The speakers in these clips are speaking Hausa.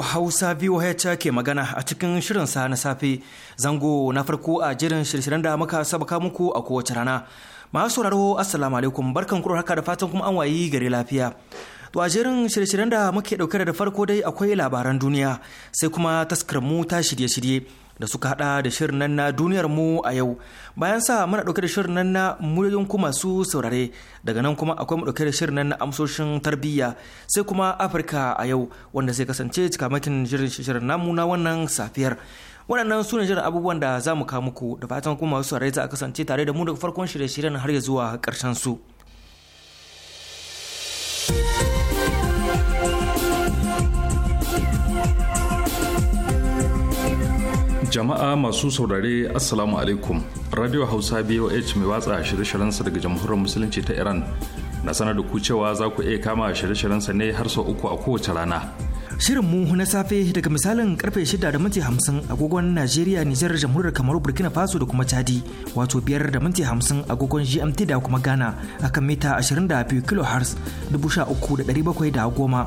Radio Hausa VOH ke magana a cikin shirin sa na safe zango na farko a jirin shirye da muka sabaka muku a kowace rana. Masu sauraro Assalamu alaikum barkan kuro haka da fatan kuma an wayi gari lafiya. To a jerin shirye da muke ɗauke da farko dai akwai labaran duniya sai kuma taskar mu ta shirye-shirye da suka hada da shirin nan na duniyar mu a yau bayan sa muna dauke da shirin nan na muryoyin ku masu saurare daga nan kuma akwai mu dauke da shirin nan na amsoshin tarbiyya sai kuma afirka a yau wanda zai kasance cikamakin shirin shirin namu na wannan safiyar waɗannan su ne jiran abubuwan da za mu kawo muku da fatan kuma su saurare za a kasance tare da mu daga farkon shirye-shiryen har ya zuwa karshen su. jama'a masu saurare assalamu alaikum radio hausa boh mai watsa shirye-shiryensa daga jamhuriyar musulunci ta iran na sanar da ku cewa za ku iya kama shirye sa ne har sau uku a kowace rana shirin mu na safe daga misalin karfe 6 da minti 50 agogon najeriya nijar jamhuriyar kamar burkina faso da kuma chadi wato 5 da minti 50 agogon gmt da kuma ghana akan mita 22 da 13710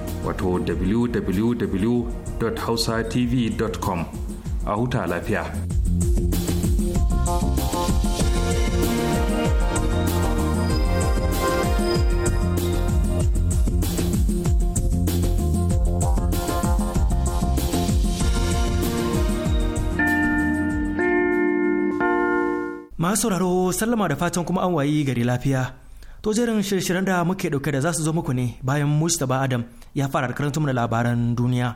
wato www.hausatv.com a huta lafiya. masu sauraro sallama da fatan kuma an wayi gari lafiya to jerin shirye da muke dauke da za su zo muku ne bayan mustapha adam ya fara da karanta da labaran duniya.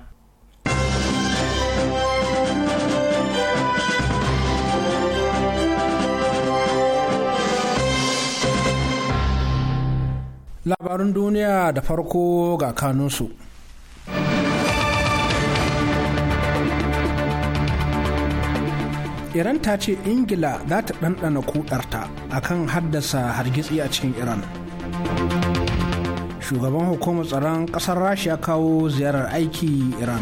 Labarin duniya da farko ga kanunsu. Iran ta ce Ingila za ta ɗanɗana kudarta akan haddasa hargitsi a cikin Iran. shugaban hukumar tsaron ƙasar rasha kawo ziyarar aiki iran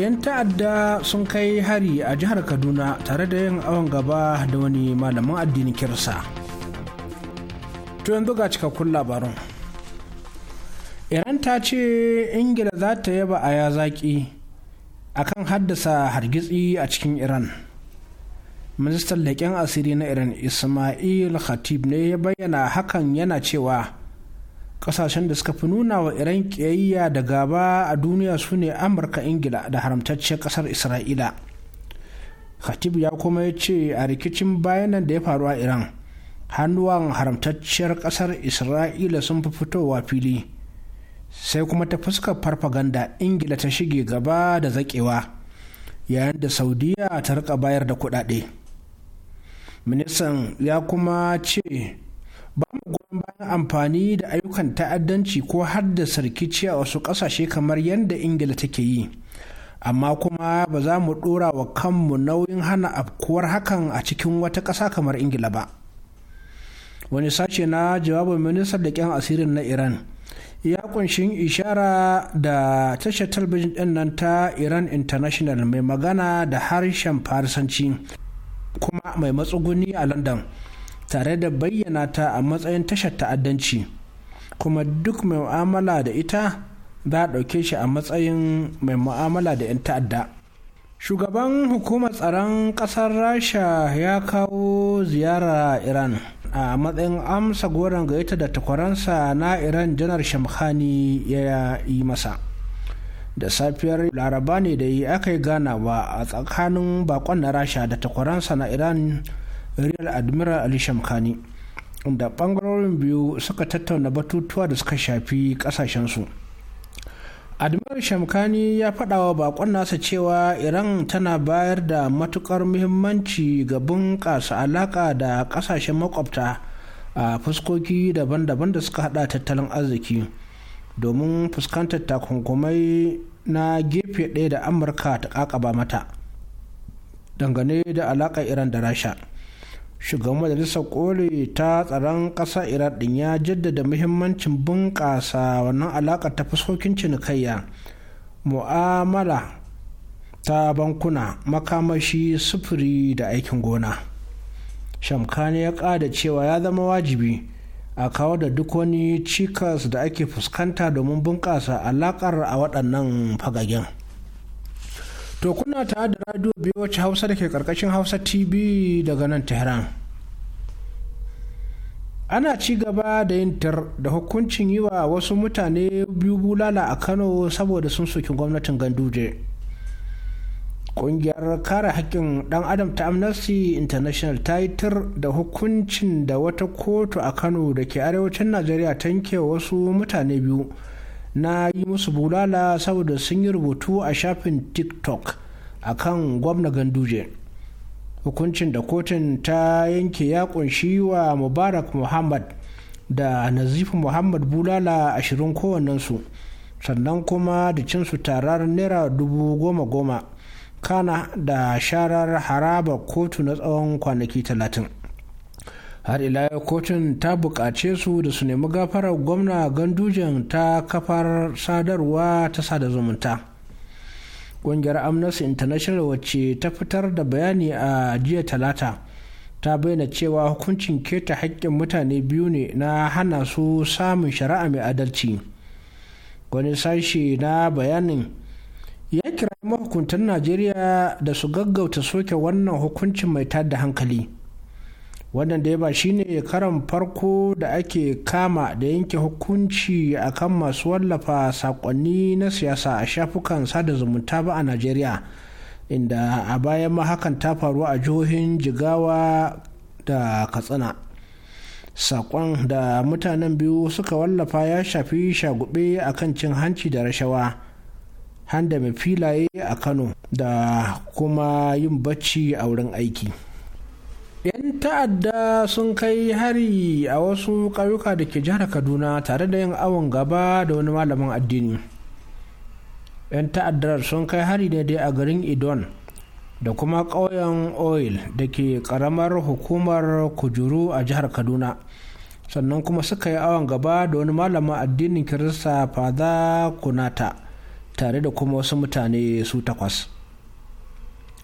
yan ta'adda sun kai hari a jihar kaduna tare da yin awon gaba da wani malamin addinin kirsa to yanzu ga cikakkun labarun iran ta ce ingila za ta yaba a ya zaki akan haddasa hargitsi a cikin iran ministan leƙen asiri na iran ismail khatib ne ya bayyana hakan yana cewa ƙasashen da suka fi nuna wa iran ƙiyayya da gaba a duniya su ne amurka ingila da haramtacciyar ƙasar isra'ila khatib ya kuma ya ce a rikicin bayanan da ya faru a iran hannuwan haramtacciyar ƙasar isra'ila sun fi fitowa fili sai kuma ta fuskar farfaganda ingila ta shige gaba da zaƙewa yayin da saudiya ta rika bayar da kuɗaɗe. ministan ya kuma ce ba mu goyon bayan amfani da ayyukan ta'addanci ko haddasa rikici a wasu kasashe kamar yadda ingila take yi amma kuma ba za mu ɗora wa kanmu nauyin hana afkuwar hakan a cikin wata ƙasa kamar ingila ba wani sashe na jawabin ministan da ƙyan asirin na iran ya kunshin ishara da tashar talabijin din nan ta iran international mai magana da harshen farisanci kuma mai matsuguni a london tare da bayyana ta a matsayin tashar ta'addanci kuma duk mai mu'amala da ita za a ɗauke shi a matsayin mai mu'amala da 'yan ta'adda shugaban hukumar tsaron ƙasar rasha ya kawo ziyara iran a matsayin amsa goron gaita da takwaransa na iran janar shamkhani ya yi masa da safiyar laraba ne da yi aka yi ganawa a tsakanin bakon na rasha da takwaransa na iran real admiral ali shamkani da bangarorin biyu suka tattauna batutuwa da suka shafi kasashensu admiral shamkani ya faɗawa wa bakon nasa cewa iran tana bayar da matukar muhimmanci ga bunƙasa alaƙa da ƙasashen makwabta a fuskoki daban-daban da suka haɗa tattalin arziki. domin fuskantar takunkumai na gefe ɗaya da amurka ta kakaba mata dangane da alaƙar iran da rasha shugaban majalisar ƙoli ta tsaron ƙasa iran ɗin ya jaddada muhimmancin bunƙasa wannan alaƙa ta fuskokin cinikayya mu'amala ta bankuna makamashi sufuri da aikin gona shamkani ya ƙada cewa ya zama wajibi a kawo da duk wani cikas da ake fuskanta domin bunƙasa alaƙar a waɗannan fagagen. To kuna ta da radio biyu wacce Hausa da ke ƙarƙashin Hausa TV daga nan Tehran. Ana ci gaba da yin tar da hukuncin yi wa wasu mutane biyu bulala a Kano saboda sun soki gwamnatin Ganduje. Ƙungiyar kare haƙƙin ɗan adam ta Amnesty International ta yi tir da hukuncin da wata kotu a Kano da ke arewacin Najeriya ta wasu mutane biyu na yi musu bulala saboda sun yi rubutu a shafin TikTok akan kan gwamna Ganduje. Hukuncin da kotun ta yanke ya kunshi wa Mubarak Muhammad da Nazifu Muhammad bulala ashirin kowannensu sannan kuma da cinsu tarar naira dubu goma goma. kana da sharar haraba kotu na tsawon kwanaki talatin har ila kotun ta buƙace su da su nemi gafarar gwamna gandujan ta kafar sadarwa ta sada zumunta ƙungiyar amnesty international wacce ta fitar da bayani a jiya talata ta bayyana cewa hukuncin keta haƙƙin mutane biyu ne na hana su samun shari'a mai adalci wani sashe na bayanin ya kira mahukuntan najeriya da su gaggauta soke wannan hukuncin mai tada hankali wannan da ya ba shine karan farko da ake kama da yanke hukunci akan masu wallafa saƙonni na siyasa a shafukan sada zumunta ba a najeriya inda a bayan ma hakan ta faru a jihohin jigawa da katsina saƙon da mutanen biyu suka wallafa ya shafi shagube akan cin hanci da rashawa handa mai filaye a kano da kuma yin bacci a wurin aiki 'yan ta'adda sun kai hari a wasu ƙauyuka da ke jihar kaduna tare da yin awon gaba da wani malamin addini 'yan ta'addar sun kai hari ne dai a garin idon da kuma ƙauyen oil da ke ƙaramar hukumar kujuru a jihar kaduna sannan kuma suka yi awon gaba da wani malamin addinin kirista fada kunata tare da kuma wasu mutane su takwas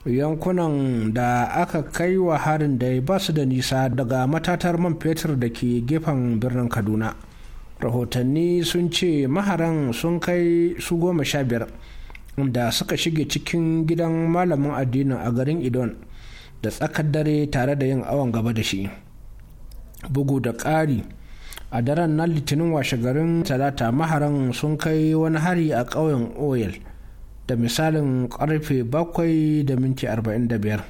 yankunan da aka kai wa harin da ba su da nisa daga matatar man fetur da ke gefen birnin kaduna rahotanni sun ce maharan sun kai su goma sha biyar da suka shige cikin gidan malamin addinin a garin idon da tsakar dare tare da yin awon gaba da shi bugu da ƙari a daren na litinin washegarin talata maharan sun kai wani hari a ƙauyen oil da misalin karfe bakwai da minti arba'in da biyar.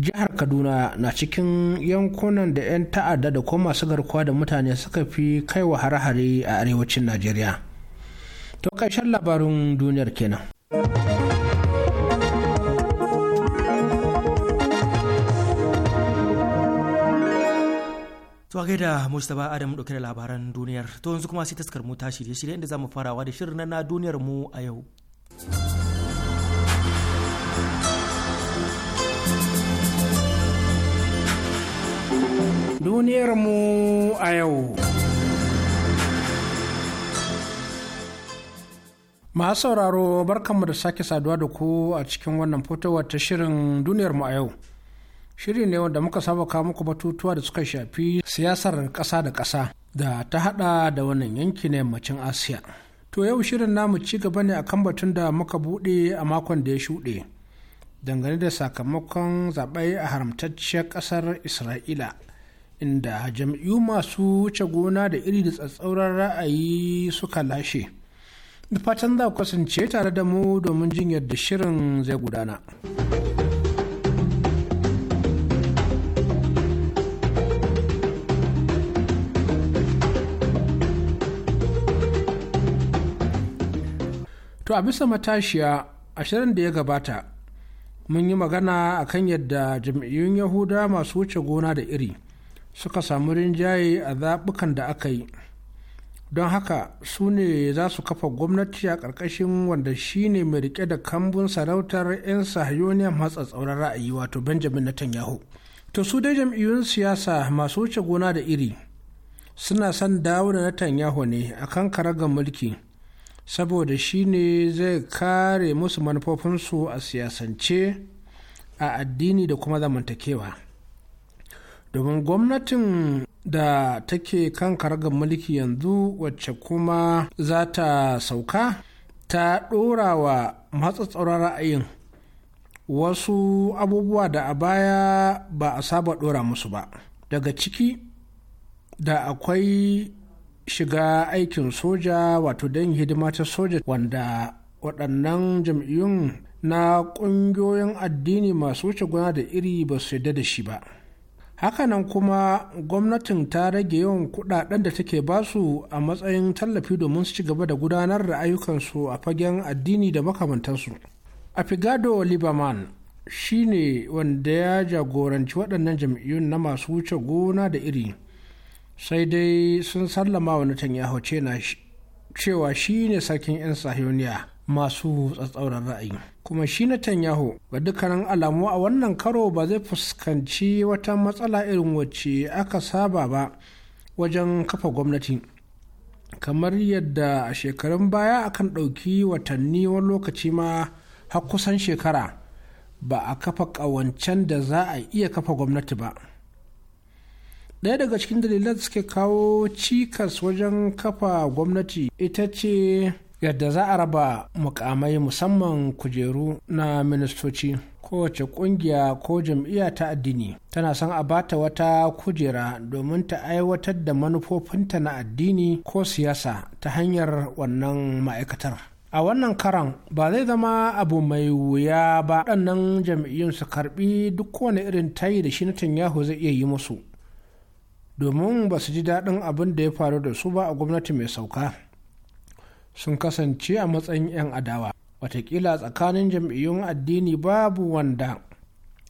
jihar kaduna na cikin yankunan da 'yan ta'adda da kuma masu garkuwa da mutane suka fi kaiwa hare-hare a arewacin najeriya to ƙarshen labarin duniyar kenan To a da Mustapha Adam dauke da labaran duniyar. To yanzu kuma sai taskar mu ta shirye shirye inda zamu farawa da shirin na duniyar mu a yau. Duniyar mu a yau. Masu sauraro barkanmu da sake saduwa da ku a cikin wannan fotowa ta shirin duniyar mu a yau. shiri ne wanda muka saba kawo muku batutuwa da suka shafi siyasar ƙasa da ƙasa da ta hada da wannan yanki na yammacin asiya to yau shirin namu ci gaba ne akan batun da muka buɗe a makon da ya shuɗe dangane da sakamakon zaɓe a haramtacciyar ƙasar isra'ila inda jam'iyyu masu wuce gona da iri da tsatsauran ra'ayi suka lashe da fatan za ku kasance tare da mu domin jin yadda shirin zai gudana. To a bisa matashiya ashirin da ya gabata mun yi magana a kan yadda jam'iyyun Yahuda masu wuce gona da iri suka samu rinjaye a zaɓukan da aka yi. Don haka su ne za su kafa gwamnati a ƙarƙashin wanda shi ne mai riƙe da kambun sarautar 'yan sahiyoniyar matsatsauran ra'ayi wato Benjamin Netanyahu. To su dai jam'iyyun siyasa masu wuce gona da iri suna son dawo da Netanyahu ne a kan karagar mulki. saboda shi ne zai kare musu manufofinsu a siyasance a addini da kuma zamantakewa domin gwamnatin da take kan karagar mulki yanzu wacce kuma za ta sauka ta ɗora wa matsatsauran ra'ayin wasu abubuwa da a baya ba a saba ɗora musu ba daga ciki da akwai shiga aikin soja wato don hidima ta soja wanda waɗannan jam'iyyun na ƙungiyoyin addini masu wuce gona da iri ba su yadda da shi ba hakanan kuma gwamnatin ta rage yawan kudaden da take basu a matsayin tallafi domin su ci gaba da gudanar da ayyukansu a fagen addini da makamantansu afigado liberman shine wanda ya jagoranci waɗannan jam'iyyun na masu wuce gona da iri sai dai sun sallama wa Netanyahu cewa shi ne sarkin 'yan sahiyoniya masu tsatsauran ra'ayi kuma shi Netanyahu ga dukkanin alamu a wannan karo ba zai fuskanci wata matsala irin wacce aka saba ba wajen kafa gwamnati kamar yadda a shekarun baya akan ɗauki watanni wani lokaci ma har kusan shekara ba a kafa ƙawancen da za a iya kafa gwamnati ba. ɗaya daga cikin dalilan da suke kawo cikas wajen kafa gwamnati ita ce yadda za a raba mukamai musamman kujeru na ministoci kowace ƙungiya ko jam'iyya ta addini tana son a bata wata kujera domin ta aiwatar da manufofinta na addini ko siyasa ta hanyar wannan ma'aikatar a wannan karan ba zai zama abu mai wuya ba waɗannan jam'iyyun su karbi duk kowane irin tayi da shi na yahu zai iya yi musu domin ba su ji daɗin abin da ya faru da su ba a gwamnati mai sauka sun kasance a matsayin 'yan adawa watakila tsakanin jam'iyyun addini babu wanda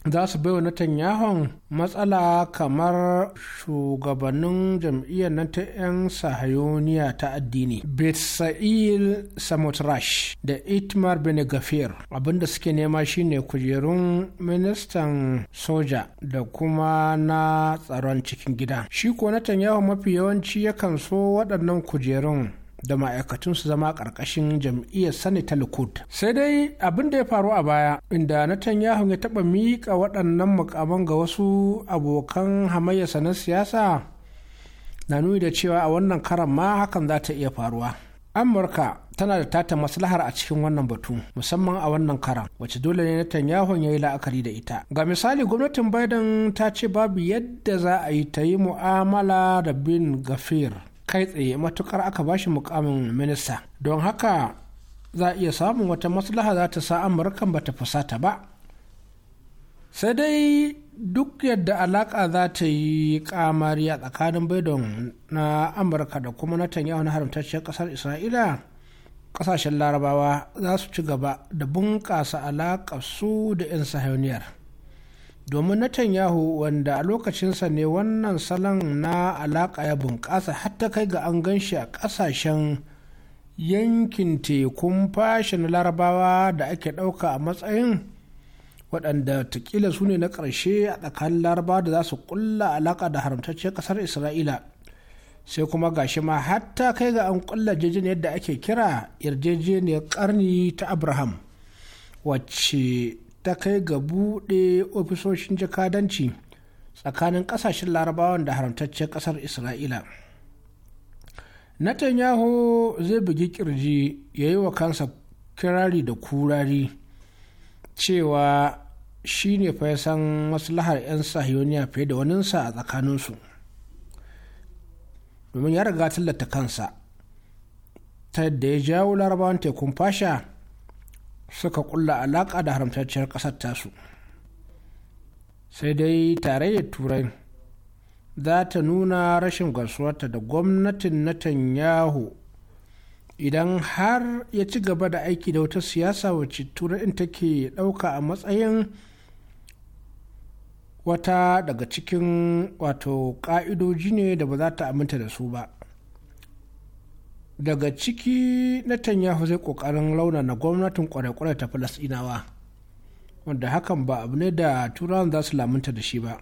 za su bai wa Netanyahu matsala kamar shugabannin jam'iyyar nan ta 'yan sahayoniya ta addini Betsa'il Samotrash da Itmar Benegafir abinda suke nema shine kujerun ministan soja da kuma na tsaron cikin gida. Shi ko Netanyahu mafi yawanci yakan so waɗannan kujerun da ma'aikatun su zama ƙarƙashin jam'iyyar sani ta likud sai dai abin da ya faru a baya inda netanyahu ya taɓa miƙa waɗannan mukaman ga wasu abokan hamayyarsa na siyasa na nuni da cewa a wannan karan ma hakan za ta iya faruwa amurka tana da tata maslahar a cikin wannan batu musamman a wannan karan wacce dole ne Netanyahu ya yi la'akari da ita ga misali gwamnatin Biden ta ce babu yadda za a yi ta yi mu'amala da bin gafir kai tsaye matukar aka bashi mukamin minista don haka za a iya samun wata maslaha za ta sa amurka ba ta fusata ba sai dai duk yadda alaka za ta yi kamari a tsakanin baidon na amurka da kuma yawon na haramtacciyar kasar isra'ila kasashen larabawa za su ci gaba da bunƙasa alaƙa su da 'yan sahiyoniyar domin Netanyahu wanda a lokacinsa ne wannan salon na alaƙa ya bunƙasa har kai ga an gan shi a ƙasashen yankin tekun fashin larabawa da ake ɗauka a matsayin waɗanda takila su ne na ƙarshe a tsakanin larabawa da za su ƙulla alaƙa da haramtacciyar ƙasar isra'ila sai kuma gashi ma hatta kai ga an ƙulla yarjejeniyar da ake kira yarjejeniyar ƙarni ta abraham wacce ta kai ga buɗe ofisoshin jakadanci tsakanin ƙasashen larabawan da haramtaccen ƙasar isra'ila netanyahu zai bugi kirji ya yi wa kansa kirari da kurari cewa shi ne fa san maslahar 'yan sahiyoniya fiye da waninsa a tsakaninsu domin ya riga tallata kansa ta yadda ya jawo larabawan tekun fasha suka kulla alaƙa da haramtacciyar ƙasar tasu sai dai tarayyar turai za ta nuna rashin gasuwarta da gwamnatin netanyahu idan har ya ci gaba da aiki da wata siyasa wacce turai take ɗauka a matsayin wata daga cikin wato ƙa'idoji ne da ba za ta aminta da su ba daga ciki netanyahu zai kokarin na gwamnatin kwarai-kwarai ta falasinawa wanda hakan ba abu ne da turawan za su lamunta da shi ba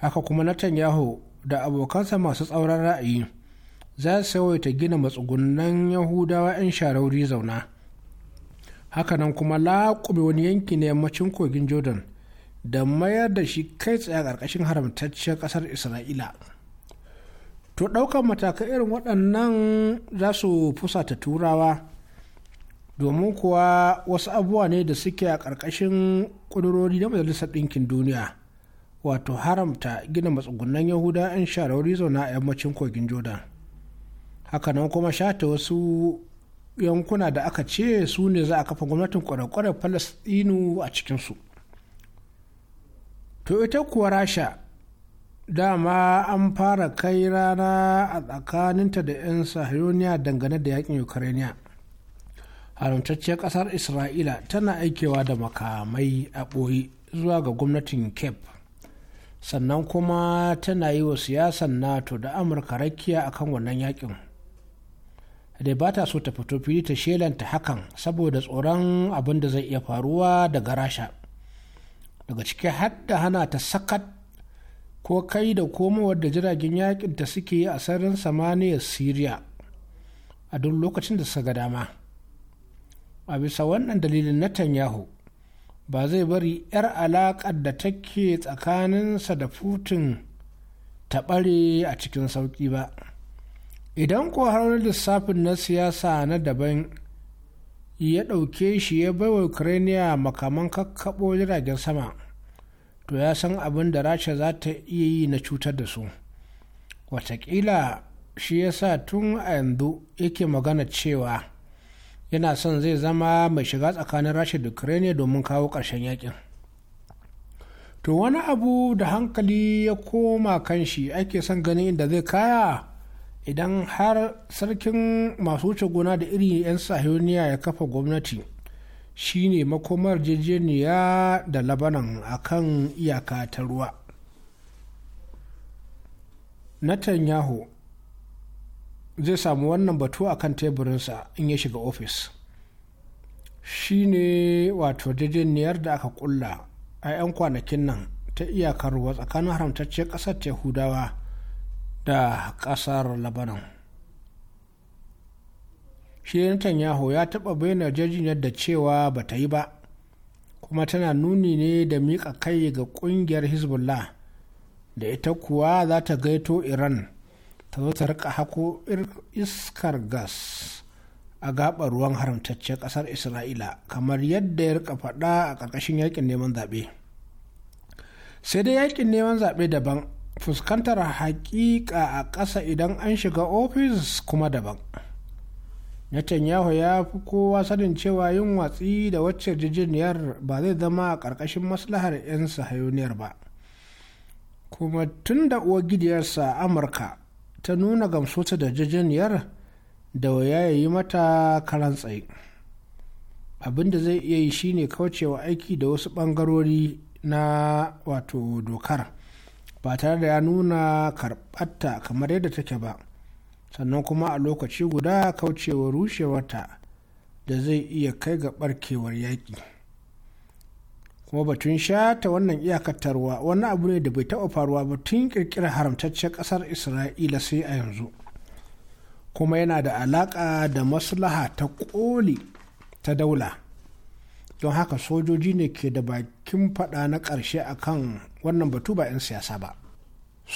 haka kuma netanyahu da abokansa masu tsauran ra'ayi za su yawaita gina matsugunan yahudawa 'yan sharauri zauna hakanan kuma laƙube wani yanki na yammacin kogin jordan da mayar da shi kai tsaye a ƙarƙashin haramtacciyar ƙasar isra'ila to ɗaukar matakan irin waɗannan za su fusata turawa domin kuwa wasu abubuwa ne da suke a ƙarƙashin ƙudurori na majalisar ɗinkin duniya wato haramta gina matsugunan yahuda 'yan shahararri zauna a yammacin kogin jordan hakanan kuma shata wasu yankuna da aka ce su ne za a kafa gwamnatin kwarar-kwarar falasɗinu a cikinsu to ita kuwa rasha dama an fara kai rana a tsakaninta da 'yan sahiyoniya dangane da yakin ukraine haramtacciyar kasar isra'ila tana aikewa da makamai a ɓoye zuwa ga gwamnatin cape sannan kuma tana yi wa siyasar nato da amurka rakiya kan wannan yakin da ba ta so ta fito fili ta shelanta hakan saboda tsoron abin da zai iya faruwa daga rasha daga ciki har hana ta sakat ko kai da komowar da jiragen yakin ta suke yi a sararin samaniyar syria a duk lokacin da suka dama a bisa wannan dalilin netanyahu ba zai bari 'yar alaƙar da take tsakaninsa da putin ta ɓare a cikin sauƙi ba idan ko har lissafin na siyasa na daban ya ɗauke shi ya bai wa ukraine makaman kakkaɓo jiragen sama to ya san abin da rasha za ta iya yi na cutar da su watakila shi ya sa tun a yanzu yake magana cewa yana son zai zama mai shiga tsakanin rasha da ukraine domin kawo ƙarshen yakin to wani abu da hankali ya koma kan shi ake son ganin inda zai kaya idan har sarkin masu wuce gona da iri 'yan sahiyoniya ya kafa gwamnati shine makomar jejeniya da labanan akan iyaka ta ruwa netanyahu zai samu wannan batu a kan teburinsa in ya shiga ofis shi ne wato daidaitaniyar da aka kulla a 'yan kwanakin nan ta iyakar ruwa tsakanin haramtacce ƙasar yahudawa da ƙasar labanan shi netanyahu ya taɓa bayyana jarjinar da cewa ba ta yi ba kuma tana nuni ne da miƙa kai ga ƙungiyar hezbollah da ita kuwa za ta gaito iran ta zo ta rika hako iskar gas a gaɓar ruwan haramtacce ƙasar isra'ila kamar yadda ya rika faɗa a ƙarƙashin yaƙin neman zaɓe sai dai yaƙin neman zaɓe daban fuskantar haƙiƙa a ƙasa idan an shiga ofis kuma daban. netanyahu ya fi kowa sanin cewa yin watsi da wacce yarjejeniyar ba zai zama a ƙarƙashin maslahar 'yan sahayoniyar ba kuma tun da uwagidiyarsa amurka ta nuna gamsuta da yarjejeniyar da waya ya yi mata karan tsaye abin da zai iya yi shine kaucewa aiki da wasu ɓangarori na wato dokar ba tare da ya nuna karɓarta kamar yadda take ba. sannan kuma a lokaci guda kaucewa rushewarta da zai iya kai ga barkewar yaƙi kuma batun shata wannan iyakatarwa wani abu ne da bai taɓa faruwa ba tun ƙirƙirar haramtaccen ƙasar isra'ila sai a yanzu kuma yana da alaƙa da maslaha ta ƙoli ta daula don haka sojoji ne ke da bakin faɗa na ƙarshe akan wannan batu ba 'yan siyasa ba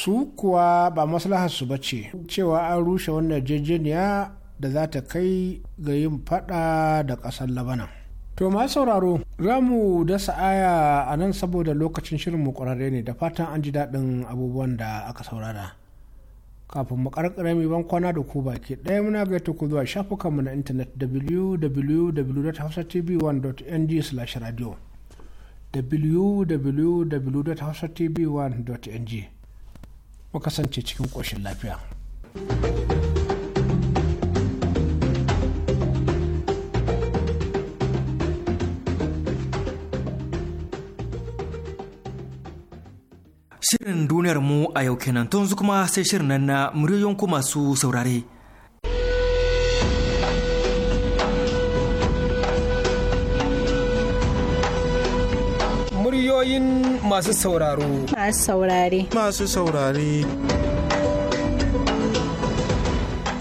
su kuwa ba maslaharsu ba ce cewa an rushe wannan yarjejeniya da za ta kai ga yin fada da ƙasar labanan to ma sauraro za mu dasa aya a nan saboda lokacin shirin mu ƙwararre ne da fatan an ji daɗin abubuwan da aka saurara kafin mu karkare mai ban kwana da ku baki ɗaya muna gaita ku zuwa shafukanmu na intanet www.hausatv1.ng/radio www.hausatv1.ng ku kasance cikin ƙoshin lafiya. Shirin duniyar mu a yau kenan tun kuma sai shirin nan na muryoyin ku masu saurare. Muryoyin masu sauraro. Masu saurare. Masu saurare.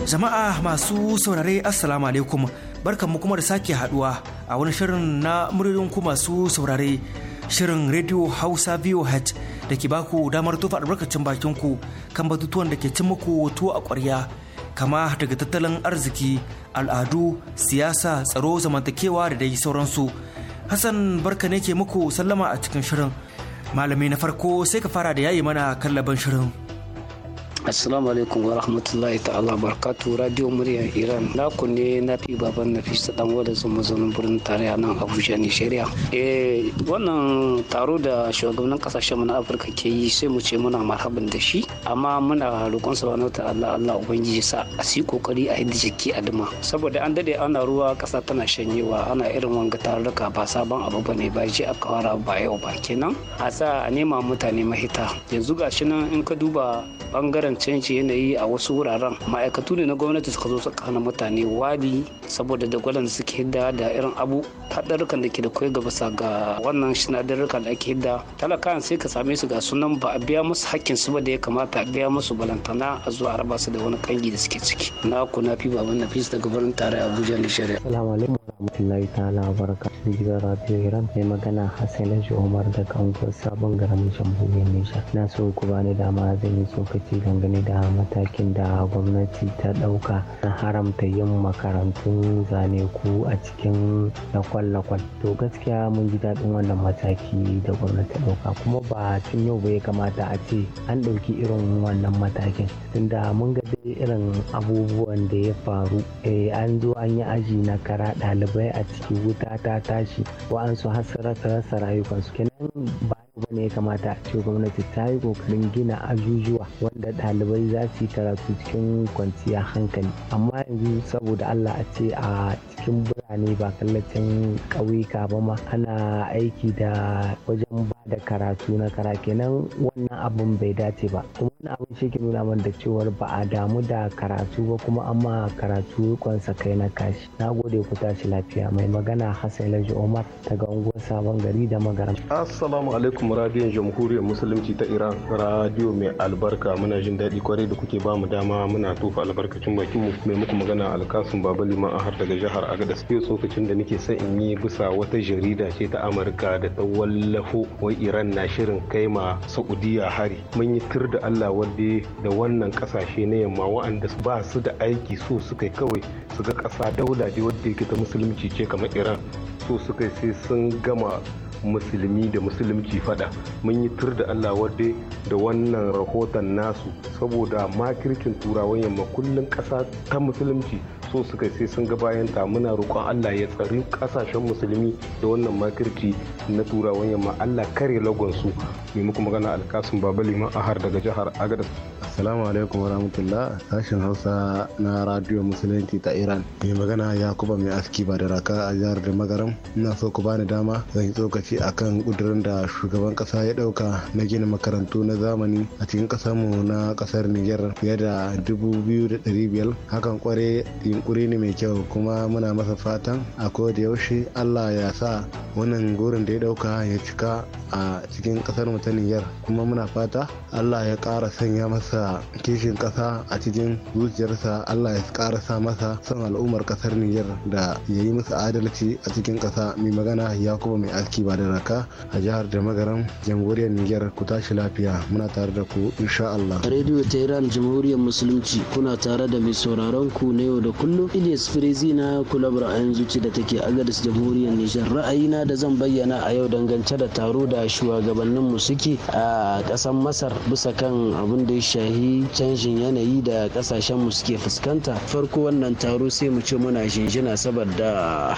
Jama'a masu saurare Assalamu alaikum barkanmu kuma da sake haduwa a wani shirin na muryoyin ku masu saurare shirin Radio Hausa VOH da ke baku damar tufa albarkacin bakin ku kan batutuwan da ke cin muku tuwo a kwarya kama daga tattalin arziki al'adu siyasa tsaro zamantakewa da dai sauransu. Hassan barka ne ke muku sallama a cikin shirin malami na farko sai ka fara da yayi mana kallaban shirin assalamu alaikum wa rahmatullahi ta'ala barkatu radio murya iran na ku ne na fi baban na fi sadan wadda sun mazaunin birnin tarayya nan abuja nigeria eh wannan taro da shugabannin kasashen na afirka ke yi sai mu ce muna marhaban da shi amma muna roƙon subhanahu ta'ala allah ubangiji sa a si kokari a yi jiki a duma saboda an dade ana ruwa kasa tana shanyewa ana irin wanga taruka ba sabon abu bane ba ji aka fara ba yau ba kenan a sa a nema mutane mahita yanzu gashi nan in ka duba bangaren yanayi a wasu wuraren ma'aikatu ne na gwamnati suka zo suka hana mutane wadi saboda da gwalan suke hidda da irin abu hadarukan da ke da gaba gabasa ga wannan shinadarrukan da ake hidda talakan sai ka same su ga sunan ba a biya musu hakkin su ba da ya kamata a biya musu balantana a zuwa a raba su da wani kangi da suke ciki na ku na fi baban na fis daga barin tare abuja shari'a assalamu alaikum warahmatullahi ta'ala barka da gidan radio iran mai magana hassan laji umar da kango sabon garamin jamhuriyar nijar na so ku bani dama zan yi tsokaci dan dangane da matakin da gwamnati ta ɗauka na haramta yin makarantun zane ku a cikin lakwal-lakwal to gaskiya mun ji daɗin wannan mataki da gwamnati ta ɗauka kuma ba tun yau ba ya kamata a ce an ɗauki irin wannan matakin tunda mun ga dai irin abubuwan da ya faru eh, an zo an yi aji na kara ɗalibai a cikin wuta ta tashi wa'ansu hasarasa rasa rayukansu kenan ba ne ya kamata a ce gwamnati ta yi kokarin gina ajujuwa wanda ɗalibai za su yi karatu cikin kwanciyar hankali amma yanzu saboda allah a ce a cikin birane ba kallacin ƙauyuka ba ma ana aiki da wajen ba. da karatu na kara kenan wannan abin bai dace ba kuma wannan abun shi ke nuna man da cewar ba a damu da karatu ba kuma amma karatu kwansa kai na kashi na gode ku tashi lafiya mai magana hassan laji omar daga unguwar sabon gari da magana assalamu alaikum radiyon jamhuriyar musulunci ta iran radiyo mai albarka muna jin daɗi kwarai da kuke ba mu dama muna tofa albarkacin bakin mu mai muku magana alkasun baba liman har daga jihar agadas yau tsokacin da nake son in yi bisa wata jarida ce ta amurka da ta wallafo iran na shirin kai ma saudiya hari mun yi tur da allah wadda da wannan kasashe na yamma wa'anda ba su da aiki so suka kawai su ga kasa daula ce wadda yake ta musulunci ce kamar iran so suka sai sun gama musulmi da musulunci fada mun yi tur da allah wadda da wannan rahoton nasu saboda makircin turawan yamma kullum kasa ta musulunci so suka sai sun ga bayan ta muna roƙon Allah ya tsari kasashen musulmi da wannan makirci na turawan yamma Allah kare lagon su maimakon magana alkasun baba a har daga jihar agadas Assalamu alaikum wa rahmatullah sashen Hausa na Radio Musulunci ta Iran. Mai magana Yakuba mai aski ba da raka a jihar da magaram. Ina so ku bani dama zan yi tsokaci akan kudurin da shugaban ƙasa ya ɗauka. na gina makarantu na zamani a cikin ƙasarmu na ƙasar Niger fiye da dubu biyu da ɗari biyar. Hakan kware yunkuri ne mai kyau kuma muna masa fatan a da yaushe Allah ya sa wannan gurin da ya ɗauka ya cika a cikin ƙasarmu ta Niger kuma muna fata Allah ya ƙara sanya masa sa kishin kasa a cikin zuciyarsa Allah ya ƙara sa masa son al'ummar kasar niger da ya yi masa adalci a cikin kasa mai magana ya kuma mai aski ba da raka a jihar da magaran jamhuriyar niger ku tashi lafiya muna tare da ku insha Allah. Radio Tehran jamhuriyar musulunci kuna tare da mai sauraron ku na yau da kullum Ilyas Firizi na kulabar a yanzu ce da take agadis jamhuriyar Nijar ra'ayina da zan bayyana a yau dangance da taro da shugabanninmu suke a ƙasar Masar bisa kan abin da ya shahi canjin yanayi da kasashen mu suke fuskanta farko wannan taro sai mu ce muna jinjina saboda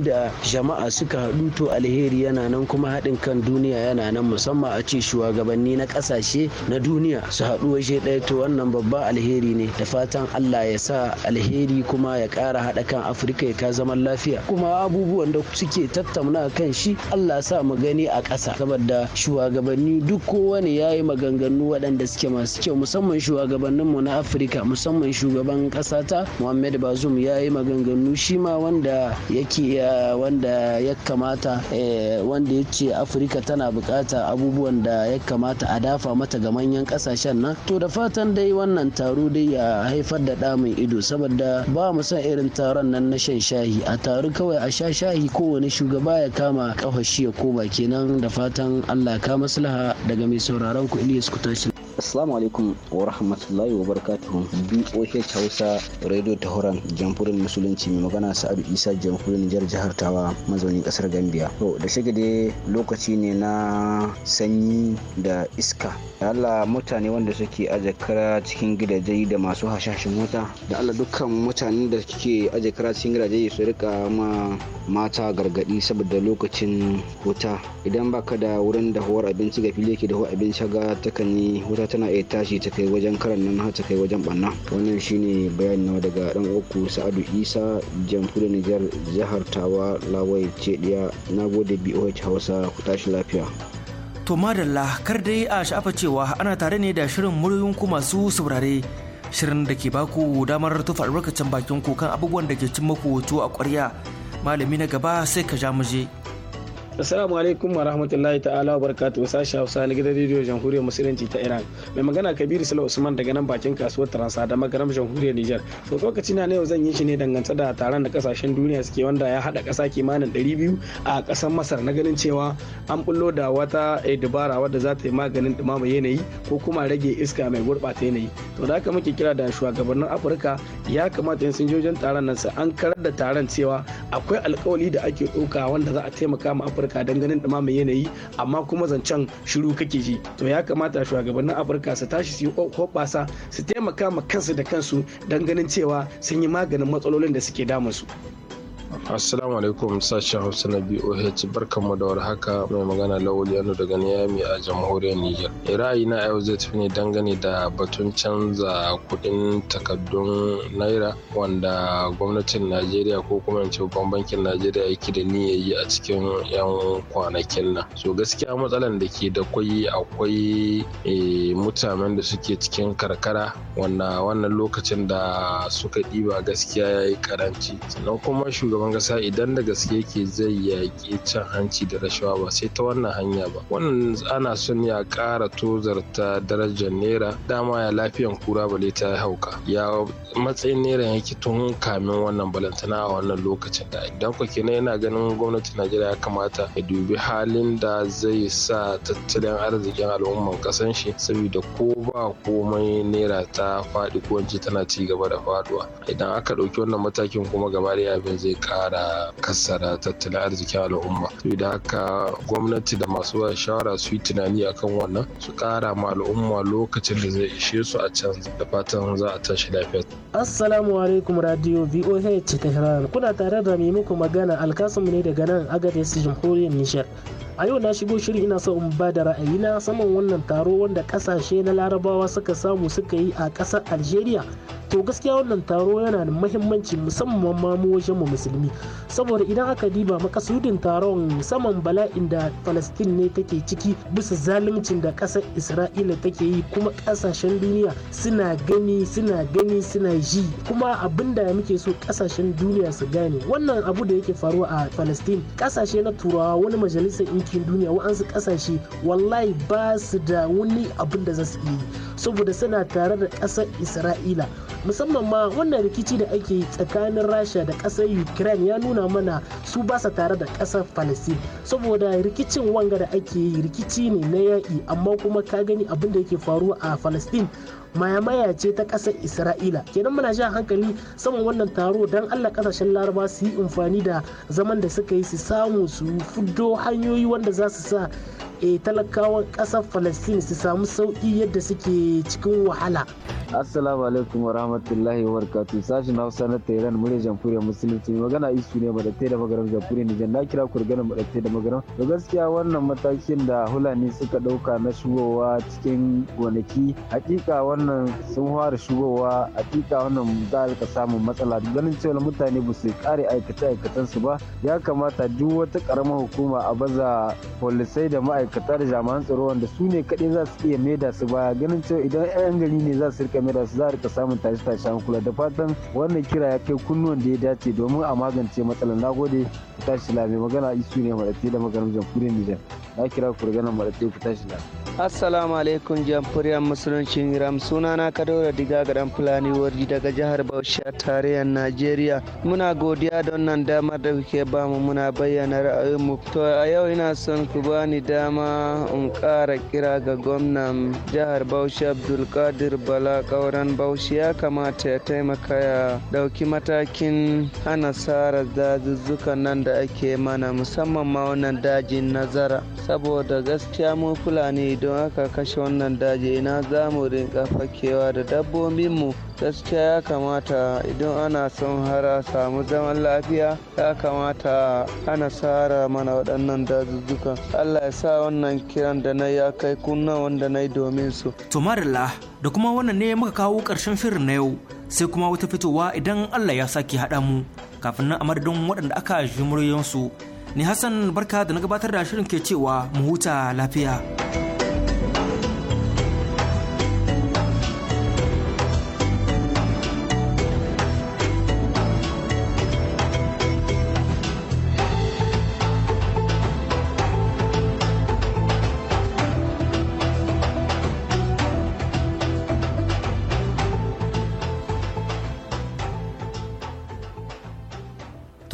da jama'a suka haɗu to alheri yana nan kuma haɗin kan duniya yana nan musamman a ce shugabanni na ƙasashe na duniya su haɗu waje ɗaya to wannan babba alheri ne da fatan Allah ya sa alheri kuma ya ƙara haɗa kan Afirka ya ka zaman lafiya kuma abubuwan da suke tattauna kan shi Allah sa mu gani a ƙasa saboda shugabanni duk kowane yayi maganganu waɗanda suke masu kyau kyau musamman shugabanninmu na afirka musamman shugaban ƙasata ta bazum ya yi maganganu shi ma wanda ke wanda ya kamata eh, wanda ya ce afirka tana bukata abubuwan da ya kamata a dafa mata ga manyan kasashen nan to da fatan dai wannan taro dai ya haifar da damun ido saboda ba mu son irin taron nan na shan shahi a taro kawai a sha shahi kowane shugaba ya kama kafa shi ya koma kenan da fatan allah ka maslaha daga mai sauraron ku ilyas kutashi assalamu alaikum alaikum wa rahmatullahi wa barakatuhu BOH Hausa Radio Tahoran Jamfurin Musulunci mai magana Sa'adu Isa Jamfurin Jihar jihar Tawa mazaunin kasar Gambia. To da shiga dai lokaci ne na sanyi da iska. Allah mutane wanda suke aje kara cikin gidajen da masu hashashin mota da Allah dukkan mutanen da suke aje kara cikin gidaje su rika ma mata gargadi saboda lokacin wuta idan baka da wurin da abinci ga fili yake da abinci ga takan yi wuta tana iya tashi shi ta kai wajen karan nan har ta kai wajen banna wannan shine bayani na daga dan uku sa'adu isa jamhuri niger jihar tawa lawai cediya na gode boh hausa ku tashi lafiya to madalla kar dai a sha'afa cewa ana tare ne da shirin muryoyin ku masu saurare shirin da ke baku damar tufa albarkacin bakin ku kan abubuwan da ke cin maku tuwo a ƙwarya malami na gaba sai ka ja muje. je Assalamu alaikum wa rahmatullahi ta'ala wa barakatuhu sashi Hausa na gidan rediyo Jamhuriyar Musulunci ta Iran. Mai magana Kabiru Sala Usman daga nan bakin kasuwar Taransa da magaram Jamhuriyar Nijar. To lokaci na yau zan yi shi ne dangantar da taron da kasashen duniya suke wanda ya hada kasa kimanin 200 a kasar Masar na ganin cewa an bullo da wata eh, dabara wadda za ta yi maganin dumama yanayi ko kuma rage iska mai gurbata yanayi. To da haka muke kira da shugabannin Afirka ya kamata yin sinjojin taron nan su an karar da taron cewa akwai alkawali da ake ɗauka wanda za a taimaka ma afirka don ganin ɗumamar yanayi amma kuma zancen shiru kake ji to ya kamata shugabannin afirka su tashi su yi hoɓasa su taimaka ma kansu da kansu don ganin cewa sun yi maganin matsalolin da suke damunsu. su Assalamu alaikum sashen Hausa na BOH barkanmu da haka mai magana Lawal Yano daga Niyami a jamhuriyar Niger. na yau zai tafi ne dangane da batun canza kuɗin takardun naira wanda gwamnatin Najeriya ko kuma ce bankin Najeriya yake da ya yi a cikin 'yan kwanakin nan. So gaskiya matsalan da ke da kwai akwai eh, mutanen da suke cikin karkara wanda wannan lokacin da suka ɗiba gaskiya ya yi karanci. Sannan kuma shugaban shugaban kasa idan da gaske yake zai yaƙi cin hanci da rashawa ba sai ta wannan hanya ba wannan ana son ya ƙara tozarta darajar naira dama ya lafiyan kura bale ta hauka ya matsayin naira yake tun kamin wannan balantana a wannan lokacin da idan ku kenan yana ganin gwamnatin najeriya ya kamata ya dubi halin da zai sa tattalin arzikin al'umman kasan shi saboda ko ba komai naira ta faɗi ko tana ci gaba da faɗuwa idan aka ɗauki wannan matakin kuma gaba da abin zai kara kassara tattalin arzikin al'umma to da haka gwamnati da masu ba shawara su yi tunani kan wannan su ƙara ma al'umma lokacin da zai ishe su a can da fatan za a tashi lafiya assalamu alaikum radio voh ta kuna tare da mai muku magana alkasum ne daga nan agadez jamhuriyar nishar a yau na shigo shirin ina son ba da ra'ayi na saman wannan taro wanda kasashe na larabawa suka samu suka yi a ƙasar algeria to gaskiya wannan taro yana da mahimmanci musamman ma mu wajen mu musulmi saboda idan aka diba makasudin taron saman bala'in da palestine ne take ciki bisa zaluncin da ƙasar isra'ila take yi kuma ƙasashen duniya suna gani suna gani suna ji kuma abin da muke so ƙasashen duniya su gane wannan abu da yake faruwa a palestine ƙasashe na turawa wani majalisar cikin duniya wa'ansu kasashe wallahi ba su da wani abin da za su yi saboda suna tare da ƙasar isra'ila musamman ma wannan rikici da ake yi tsakanin rasha da ƙasar ukraine ya nuna mana su ba sa tare da ƙasar palestine saboda rikicin wanga da ake yi rikici ne na yaƙi amma kuma ka gani abin da yake faruwa a palestine mayamaya ce ta ƙasar isra'ila kenan muna jan hankali saman wannan taro don allah ƙasashen laraba su yi amfani da zaman da suka yi su samu su fuddo hanyoyi wanda za su sa e, talakawan ƙasar Falastin su samu sauƙi yadda suke cikin wahala. Assalamu alaikum wa rahmatullahi wa barakatu sashen Hausa na Tehran mure jamhuriyar musulunci magana isu ne ba da magaram jamhuriyar Nijar na kira kurganin ba da magaram da gaskiya wannan matakin da Hulani suka ɗauka na shugowa cikin gonaki hakika wannan sun fara shugowa hakika wannan za a samun matsala ganin cewa mutane ba su kare aikace aikacen su ba ya kamata duk wata karamar hukuma a baza polisai da ma'aikata ma'aikata da jami'an tsaro wanda su ne kaɗai za su iya maida su ba ganin cewa idan 'yan gari ne za su rika maida su za a rika samun tashi tashi hankula da fatan wannan kira ya kai kunnuwan da ya dace domin a magance matsalar nagode ku tashi lami magana isu ne maɗaɗe da maganar jamhuriyar nijar na kira ku da maɗaɗe ku tashi lami. Assalamu alaikum jamhuriyar musuluncin Iram sunana Kadora Diga garan Fulani wari daga jihar Bauchi tarayyar Najeriya. Muna godiya don nan damar da kuke bamu muna bayyana ra'ayoyinmu. To a yau ina son ku bani dama kuma in ƙara kira ga gwamnan jihar Bauchi Abdulkadir Bala ƙauren Bauchi ya kamata ya taimaka ya ɗauki matakin hana sara dazuzzukan nan da ake mana musamman ma wannan dajin nazara saboda gaskiya mu Fulani don aka kashe wannan daji ina zamu mu rinka fakewa da dabbobinmu gaskiya ya kamata idan ana son hara samu zaman lafiya ya kamata ana sara mana waɗannan dazuzzuka allah ya sa wannan kiran da na ya kai kunna wanda na yi domin su to da kuma wannan ne muka kawo ƙarshen shirin na yau sai kuma wata fitowa idan allah ya sake haɗa mu kafin nan a madadin waɗanda aka ji muryoyinsu ni hassan barka da na gabatar da shirin ke cewa mu huta lafiya.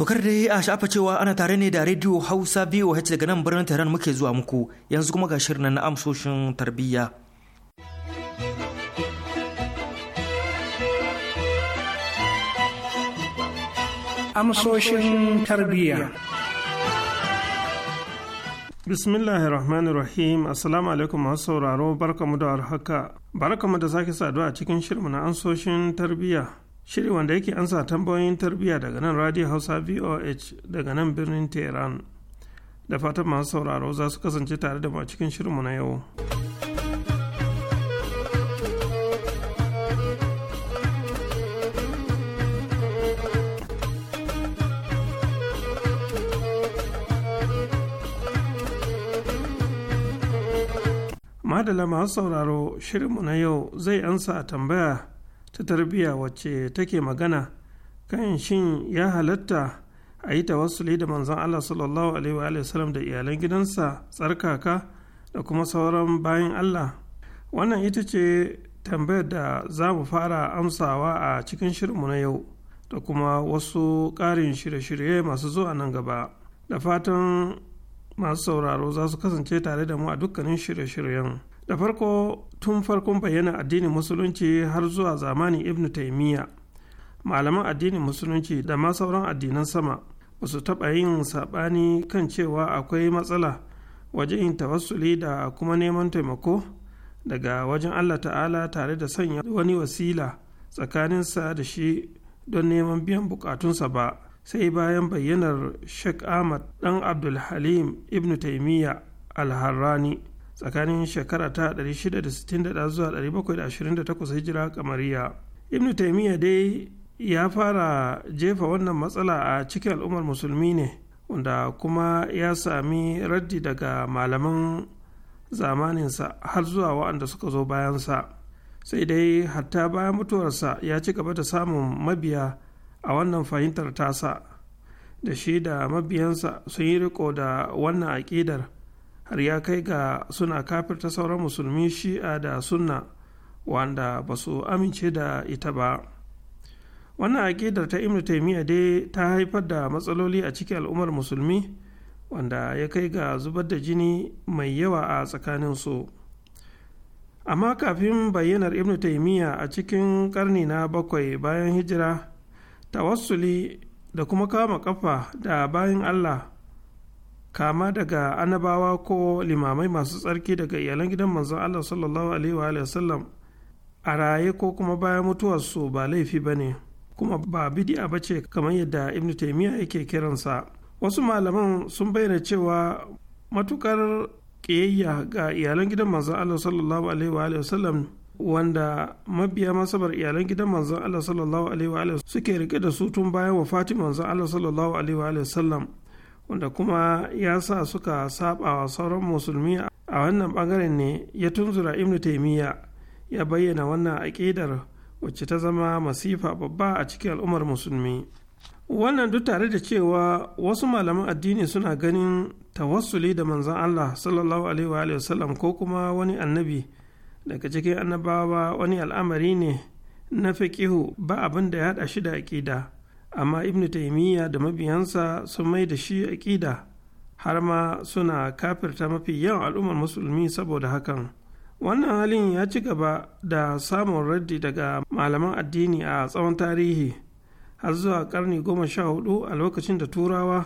kar dai a shafa cewa ana tare ne da rediyo hausa voh daga nan birnin tehran muke zuwa muku yanzu kuma ga shirin na amsoshin tarbiyya amsoshin tarbiyya bismillahir rahmanir rahim assalamu alaikum masu sauraro barkamu da warhaka barkamu da sake saduwa a cikin shirin na amsoshin tarbiyya shiri wanda yake ansa tambayoyin tarbiyya daga nan radio hausa voh daga nan birnin tehran da fatan masu sauraro za su kasance tare da mu a cikin shirinmu na yau madala masu sauraro shirinmu na yau zai ansa tambaya ta tarbiyya wacce take magana kan shin ya halatta a yi tawassuli da manzon Allah sallallahu alaihi wa sallam da iyalan gidansa tsarkaka da kuma sauran bayan Allah wannan ita ce tambayar da za mu fara amsawa a cikin shirinmu na yau da kuma wasu ƙarin shirye-shirye masu zuwa nan gaba da fatan masu sauraro za su kasance tare da mu a dukkanin shirye-shiryen da farko tun farkon bayyana addinin musulunci har zuwa zamanin ibn taimiyya malaman addinin musulunci da ma sauran addinan sama ba su taɓa yin saɓani kan cewa akwai matsala waje yin tawassuli da kuma neman taimako daga wajen allah ta'ala tare da sanya wani wasila tsakaninsa da shi don neman biyan bukatunsa ba sai bayan bayyanar sheikh ahmad dan abdulhalim ibn taimiyya al-harrani tsakanin shekara ta 661 zuwa 728 hijira kamariya ibn taimiyya dai ya fara jefa wannan matsala a cikin al'ummar musulmi ne wanda kuma ya sami raddi daga malaman zamaninsa har zuwa waɗanda suka zo bayansa sai dai hatta bayan mutuwarsa ya ci gaba da samun mabiya a wannan fahimtar tasa da shi da mabiyansa sun yi riko da wannan aƙidar har ya kai ga suna ta sauran musulmi shi'a da sunna wanda ba su amince da ita ba wannan aƙidar ta ibn taimiyya dai ta haifar da matsaloli a cikin al'ummar musulmi wanda ya kai ga zubar da jini mai yawa a tsakaninsu amma kafin bayyanar ibn taimiyya a cikin karni na bakwai bayan hijira tawassuli da kuma kama kafa da bayan allah kama daga annabawa ko limamai masu tsarki daga iyalan gidan manzon Allah sallallahu alaihi wa sallam a raye ko kuma bayan mutuwarsu ba laifi ba ne kuma ba bidi'a ba ce kamar yadda ibn taimiyya yake kiransa wasu malaman sun bayyana cewa matukar ƙiyayya ga iyalan gidan manzon Allah sallallahu alaihi wa sallam wanda mabiya masabar iyalan gidan manzon Allah sallallahu alaihi wa suke rike da su tun bayan wafatin manzon Allah sallallahu alaihi wa sallam wanda kuma ya sa suka saɓawa sauran musulmi a wannan bangaren ne ya tunzura ibn taimiyya ya bayyana wannan aƙidar wacce ta zama masifa babba a cikin al'ummar musulmi wannan duk tare da cewa wasu malaman addini suna ganin tawassuli da manzan allah sallallahu alaihi wa ko kuma wani annabi daga cikin annabawa wani al'amari ne na fiƙihu ba abin da ya haɗa shi da aƙida amma ibn taimiyya da mabiyansa sun mai da shi aƙida har ma suna kafirta mafi yawan al'ummar musulmi saboda hakan wannan halin ya ci gaba da samun raddi daga malaman addini a tsawon tarihi har zuwa karni goma sha hudu a lokacin da turawa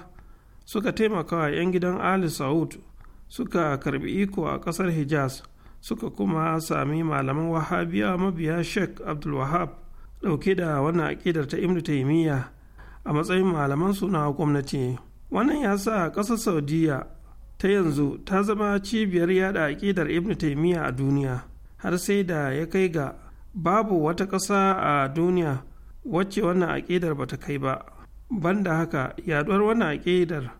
suka taimaka wa 'yan gidan ali saud suka karbi iko a kasar hijaz suka kuma sami malaman wahabiya mabiya sheikh abdulwahab dauke da wannan aƙidar ta ibnu taimiyya a matsayin malaman suna gwamnati wannan ya sa ƙasar saudiya ta yanzu ta zama cibiyar yada aƙidar ibn taimiyya a duniya har sai da ya kai ga babu wata ƙasa a duniya wacce wannan aƙidar ba ta kai ba banda haka yaduwar wannan aƙidar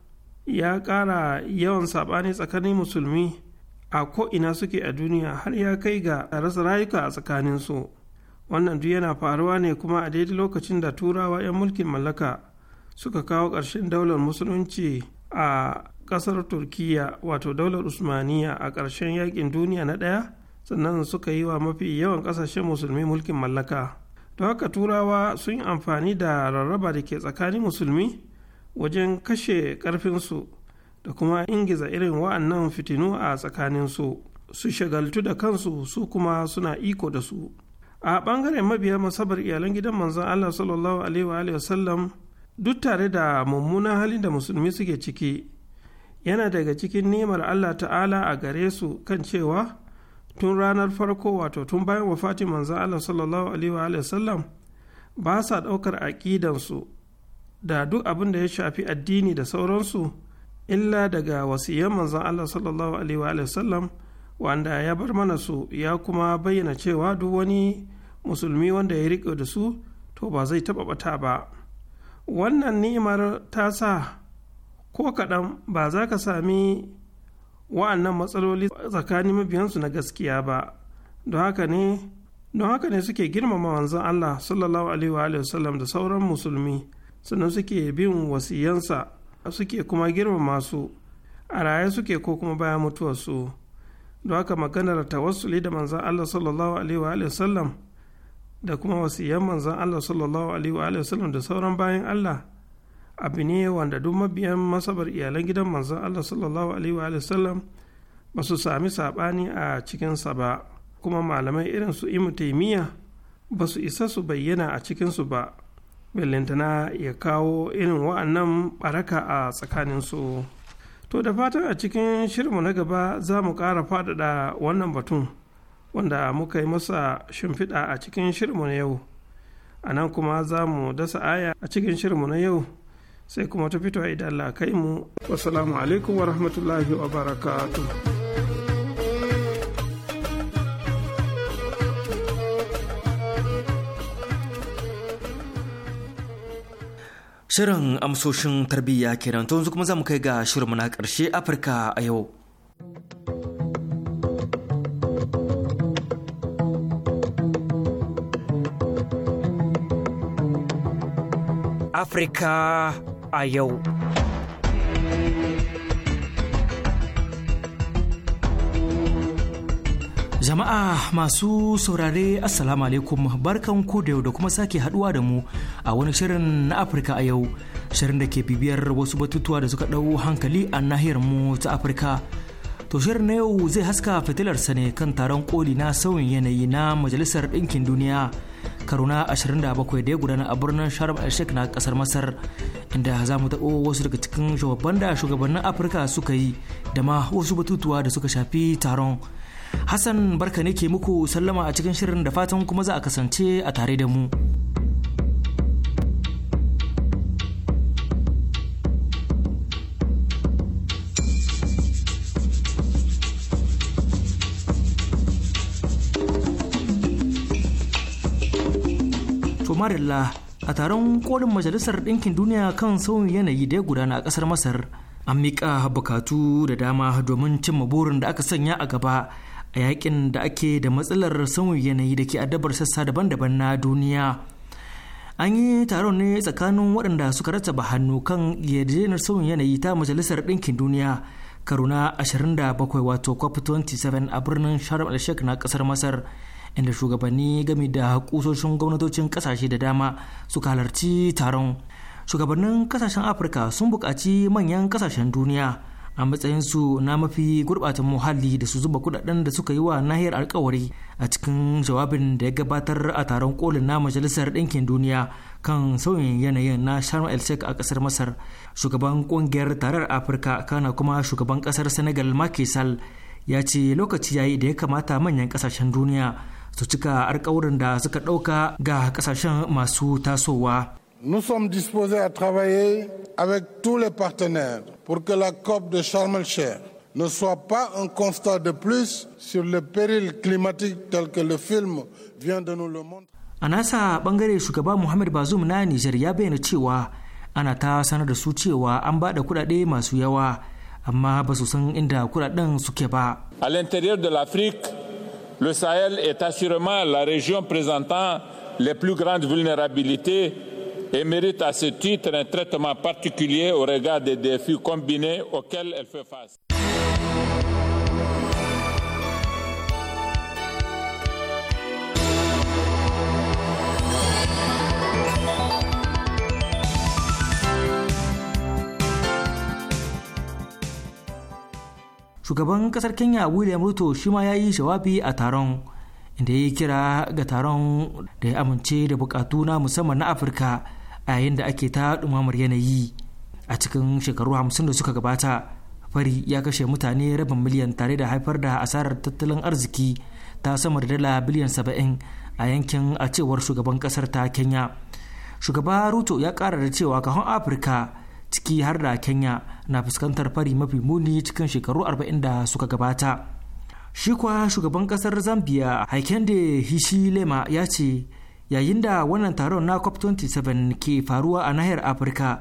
ya ƙara yawan saɓani tsakanin musulmi a ko'ina suke a duniya har ya kai ga rasa rayuka a tsakaninsu. wannan duk yana faruwa ne kuma a daidai lokacin da turawa 'yan mulkin mallaka suka kawo ƙarshen daular musulunci a ƙasar turkiya wato daular usmaniya a ƙarshen yakin duniya na ɗaya sannan suka yi wa mafi yawan ƙasashen musulmi mulkin mallaka da haka turawa sun yi amfani da rarraba da ke tsakanin musulmi wajen kashe ƙarfinsu da kuma ingiza irin wa'annan fitinu a tsakaninsu su shagaltu da kansu su kuma suna iko da su a ɓangaren mabiya masabar iyalan gidan manzon allah sallallahu alaihi wasallam duk tare da mummunan halin da musulmi suke ciki yana daga cikin nemar allah ta'ala a gare su kan cewa tun ranar farko wato tun bayan wafatin manzon allah sallallahu alaihi wasallam ba sa ɗaukar aƙidansu da duk abin da ya shafi addini da sauransu illa daga wasiyan manzon allah sallallahu alaihi wasallam wanda ya bar mana su ya kuma bayyana cewa duk wani musulmi wanda ya riƙe da su to ba zai taɓa ɓata ba wannan ni'imar ta sa ko kaɗan ba za ka sami wa'annan matsaloli tsakanin mabiyansu na gaskiya ba don haka ne don haka ne suke girmama manzon Allah sallallahu alaihi wa wasallam da sauran musulmi sannan suke bin wasiyansa suke kuma girmama su a raye suke ko kuma bayan mutuwarsu don haka maganar tawassuli da manzon Allah sallallahu alaihi wa wasallam da kuma wasiyan manzon Allah sallallahu alaihi wa sallam da sauran bayan Allah abu ne wanda duk mabiyan masabar iyalan gidan manzon Allah sallallahu alaihi wa sallam ba su sami saɓani a cikinsa ba kuma malamai irin su imu taimiyya ba su isa su bayyana a cikinsu ba bellantana ya kawo irin wa'annan baraka a tsakaninsu to da fatan a cikin shirinmu na gaba za mu ƙara faɗaɗa wannan batun. wanda muka yi masa shimfiɗa a cikin shirinmu na yau a nan kuma za mu dasa aya a cikin shirinmu na yau sai kuma ta fito idan Allah kai mu wasalamu alaikum wa rahmatullahi wa barakatu Shirin amsoshin tarbiyya kenan to yanzu kuma za mu kai ga shirinmu na ƙarshe Afirka a yau. Afirka a yau. Jama'a masu saurare Assalamu alaikum barkan ku da yau da kuma sake haduwa da mu a wani shirin na Afirka a yau shirin da ke bibiyar wasu batutuwa da suka ɗau hankali a nahiyar mu ta Afirka. To shirin na yau zai haska fitilarsa ne kan taron koli na sauyin yanayi na Majalisar Ɗinkin Duniya. karuna na 27 da ya gudana a birnin sharm el sheikh na kasar masar inda za mu taɓo wasu daga cikin shugaban da shugabannin afirka suka yi da ma wasu batutuwa da suka shafi taron hassan barka ne ke muku sallama a cikin shirin da fatan kuma za a kasance a tare da mu. Marilla a taron kolin Majalisar Ɗinkin Duniya kan sauyin yanayi da ya gudana a ƙasar Masar. An miƙa bukatu da dama domin cimma burin da aka sanya a gaba a yakin da ake da matsalar sauyin yanayi da ke addabar sassa daban-daban na duniya. An yi taron ne tsakanin waɗanda suka rattaba hannu kan yarjejeniyar sauyin yanayi ta Majalisar Ɗinkin Duniya karuna na 27 wato COP27 a birnin Sharm el-Sheikh na ƙasar Masar. inda shugabanni game da kusoshin gwamnatocin kasashe da dama suka halarci taron shugabannin kasashen afirka sun buƙaci manyan kasashen duniya a matsayinsu na mafi gurɓatan muhalli da su zuba kudaden da suka yi wa nahiyar alkawari a cikin jawabin da ya gabatar a taron kolin na majalisar ɗinkin duniya kan sauyin yanayin na sharm el sheikh a ƙasar masar shugaban ƙungiyar tarar afirka kana kuma shugaban ƙasar senegal makisal ya ce lokaci yayi da ya kamata manyan ƙasashen duniya su cika alkawarin da suka ɗauka ga kasashen masu tasowa. Nous sommes disposés à travailler avec tous les partenaires pour que la COP de Sharm el-Sheikh ne soit pas un constat de plus sur le péril climatique tel que le film vient de nous le montrer. A nasa bangare shugaba Muhammad Bazoum na Nijar ya bayyana cewa ana ta sanar da su cewa an bada kudade masu yawa amma ba su san inda kudaden suke ba. À l'intérieur de l'Afrique, le Sahel est assurément la région présentant les plus grandes vulnérabilités et mérite à ce titre un traitement particulier au regard des défis combinés auxquels elle fait face. shugaban kasar kenya william ruto shi ma ya yi jawabi a taron inda ya yi kira ga taron da ya amince da bukatu na musamman na afirka a yayin da ake ta dumamar yanayi a cikin shekaru hamsin da suka gabata fari ya kashe mutane rabin miliyan tare da haifar da asarar tattalin arziki ta sama da dala biliyan saba'in a yankin a cewar shugaban kasar ta kenya shugaba ruto ya kara da cewa kahon afirka ciki har da kenya na fuskantar fari mafi muni cikin shekaru 40 da suka gabata shi kuwa shugaban kasar zambia haikende hishilema ya ce yayin da wannan taron na cop 27 ke faruwa a nahiyar afirka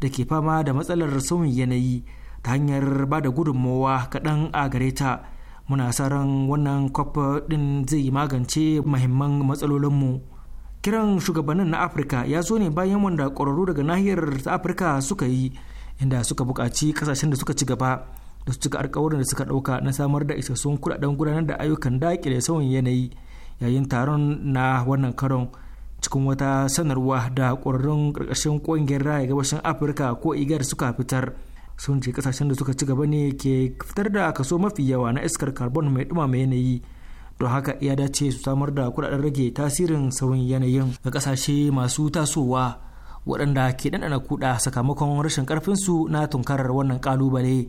da ke fama da matsalar sauyin yanayi ta hanyar ba da gudunmowa kaɗan a gare ta muna sa ran wannan cop ɗin zai magance mahimman matsalolinmu kiran shugabannin na afirka ya zo ne bayan wanda kwararru daga nahiyar ta afirka suka yi inda suka bukaci kasashen da suka ci gaba da su cika alkawarin da suka ɗauka na samar da isassun kuɗaɗen gudanar da ayyukan daƙile sauyin yanayi yayin taron na wannan karon cikin wata sanarwa da ƙwararrun karkashin ƙungiyar raya gabashin afirka ko igar suka fitar sun ce kasashen da suka ci gaba ne ke fitar da kaso mafi yawa na iskar carbon mai ɗumama yanayi don haka ya dace su samar da kudaden rage tasirin sauyin yanayin ga kasashe masu tasowa waɗanda ke ɗanɗana kuɗa sakamakon rashin ƙarfinsu na tunkarar wannan ƙalubale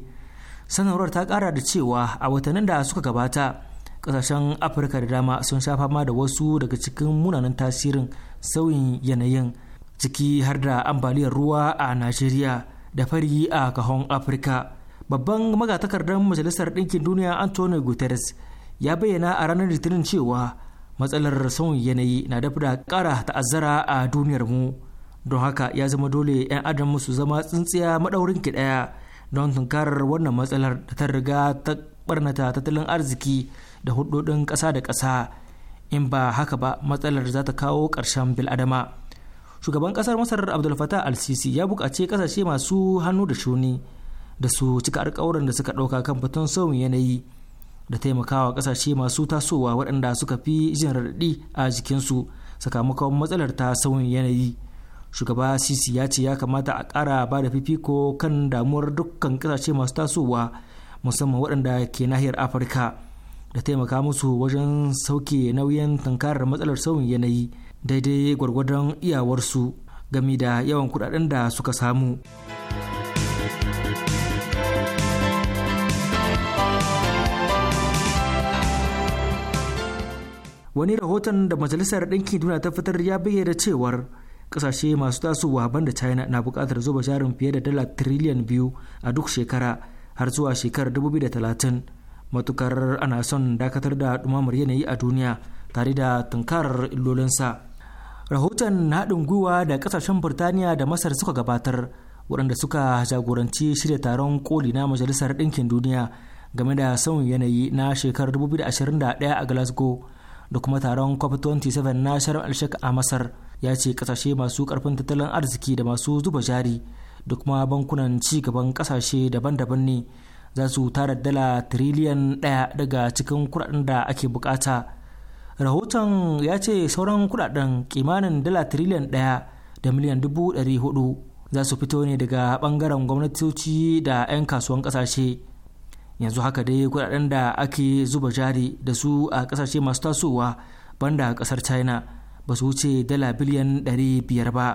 sanarwar ta ƙara da cewa a watannin da suka gabata ƙasashen afirka da dama sun sha fama da wasu daga cikin munanan tasirin sauyin yanayin ciki har da ambaliyar ruwa a najeriya da fari a kahon afirka babban magatakardar majalisar ɗinkin duniya antonio guterres ya bayyana a ranar litinin cewa matsalar sauyin yanayi na da kara ta'azzara a duniyarmu don haka ya zama dole 'yan adam su zama tsintsiya maɗaurin ki ɗaya don tunkarar wannan matsalar da ta riga ta barnata tattalin arziki da hudodin ƙasa da ƙasa in ba haka ba matsalar za ta kawo ƙarshen adama shugaban ƙasar masar abdul fatah al-sisi ya buƙaci ƙasashe masu hannu da shuni da su cika alƙawuran da suka ɗauka kan batun sauyin yanayi da taimakawa kasashe masu tasowa waɗanda suka fi jin raɗaɗi a jikinsu sakamakon matsalar ta sauyin yanayi shugaba sisi ya ce ya kamata a ƙara ba da fifiko kan damuwar dukkan kasashe masu tasowa musamman waɗanda ke nahiyar afirka da taimaka musu wajen sauke nauyin tankarar matsalar sauyin yanayi daidai gwargwadon iyawarsu game da yawan kuɗaɗen da suka samu. wani rahoton da majalisar ɗinkin duniya ta fitar ya bayyana cewar ƙasashe masu tasowa banda china na buƙatar zuba jarin fiye da dala tiriliyan biyu a duk shekara har zuwa shekarar 2030 matukar ana son dakatar da ɗumamar yanayi a duniya tare da tunkarar illolinsa rahoton haɗin gwiwa da ƙasashen burtaniya da masar suka gabatar waɗanda suka jagoranci shirya taron koli na majalisar ɗinkin duniya game da sauyin yanayi na shekarar 2021 a glasgow da kuma taron cop 27 na sharm el a masar ya ce kasashe masu karfin tattalin arziki da masu zuba jari da kuma bankunan ci gaban kasashe daban-daban ne za su tara dala tiriliyan daya daga cikin kudaden da ake bukata rahoton ya ce sauran kudaden kimanin dala triliyan daya da miliyan dubu dari hudu za su fito ne daga bangaren gwamnatoci da 'yan kasuwan kasashe yanzu haka dai kudaden da ake zuba jari da su a kasashe masu tasowa banda kasar china ba su wuce dala biliyan 500 ba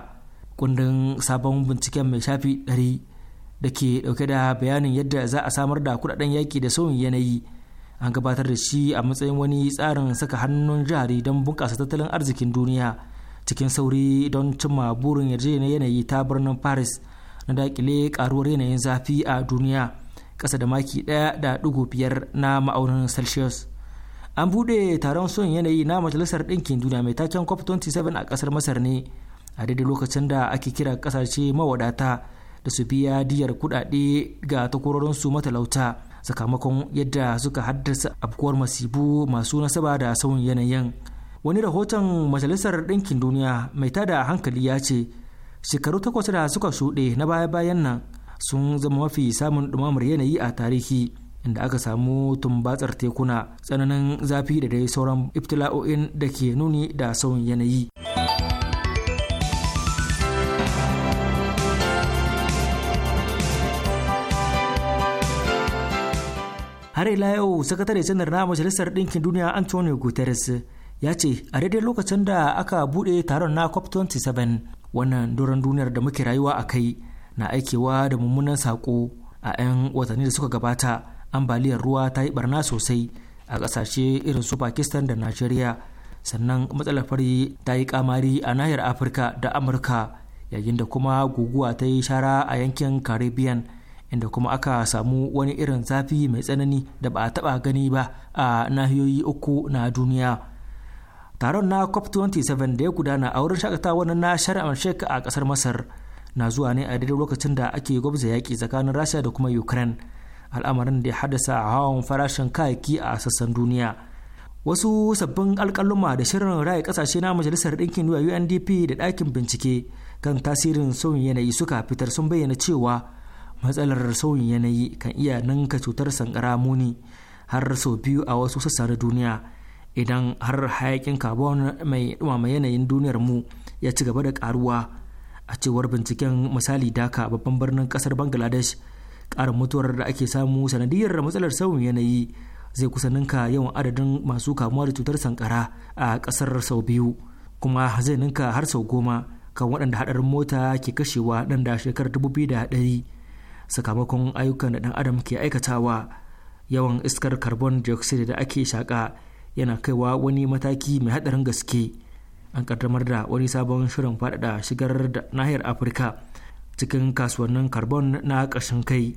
kundin sabon binciken mai shafi 100 da ke dauke da bayanin yadda za a samar da kudaden yaki da sauyin yanayi an gabatar da shi a matsayin wani tsarin saka hannun jari don bunƙasa tattalin arzikin duniya cikin sauri don cimma burin yarjejeniyar yanayi ta birnin paris na dakile karuwar yanayin zafi a duniya kasa da maki ɗaya da dugu biyar na ma'aunin celsius an buɗe taron son yanayi na majalisar ɗinkin duniya mai taken cop 27 a ƙasar masar ne a daidai lokacin da ake kira ƙasashe mawadata da su biya diyar kuɗaɗe ga takwarorinsu matalauta sakamakon yadda suka haddasa bukuwar masibu masu nasaba da sauyin yanayin wani rahoton majalisar ɗinkin duniya mai tada hankali ya ce shekaru takwas da suka shuɗe na baya-bayan nan sun zama mafi samun ɗumamar yanayi a tarihi inda aka samu tumbatsar tekuna tsananin zafi da dai sauran iftila'o'in da ke nuni da sauyin yanayi. har ila yau sakatare janar na majalisar ɗinkin duniya antonio guterres ya ce a daidai lokacin da aka buɗe taron na cop 27 wannan doron duniyar da muke rayuwa a kai na aikewa da mummunan sako a 'yan watanni da suka gabata ambaliyar ruwa ta yi barna sosai a ƙasashe irin su pakistan da nigeria sannan matsalar fari ta yi kamari a nahiyar afirka da amurka yayin da kuma guguwa ta yi shara a yankin caribbean inda kuma aka samu wani irin zafi mai tsanani da ba a taba gani ba a nahiyoyi uku na duniya taron na cop 27 da ya gudana a wurin shakatawa na shar'ar sheik a kasar masar na zuwa ne a daidai lokacin da ake gwabza yaƙi tsakanin rasha da kuma ukraine al'amarin da ya haddasa a hawan farashin kayaki a sassan duniya wasu sabbin alƙaluma da shirin raya kasashe na majalisar ɗinkin duniya undp da ɗakin bincike kan tasirin sauyin yanayi suka fitar sun bayyana cewa matsalar sauyin yanayi kan iya ninka cutar sankara muni har sau biyu a wasu sassa na duniya idan har hayakin carbon mai ɗumama yanayin duniyar mu ya ci gaba da ƙaruwa a cewar binciken misali daka babban birnin kasar bangladesh ƙarin mutuwar da ake samu sanadiyar matsalar sauyin yanayi zai kusa ninka yawan adadin masu kamuwa da cutar sankara a ƙasar sau biyu kuma zai ninka har sau goma kan waɗanda haɗarin mota ke kashewa ɗan da shekarar dubu biyu da ɗari sakamakon ayyukan da ɗan adam ke aikatawa yawan iskar carbon dioxide da ake shaƙa yana kaiwa wani mataki mai haɗarin gaske an kaddamar da wani sabon shirin faɗaɗa shigar da nahiyar afirka cikin kasuwannin carbon na ƙashin kai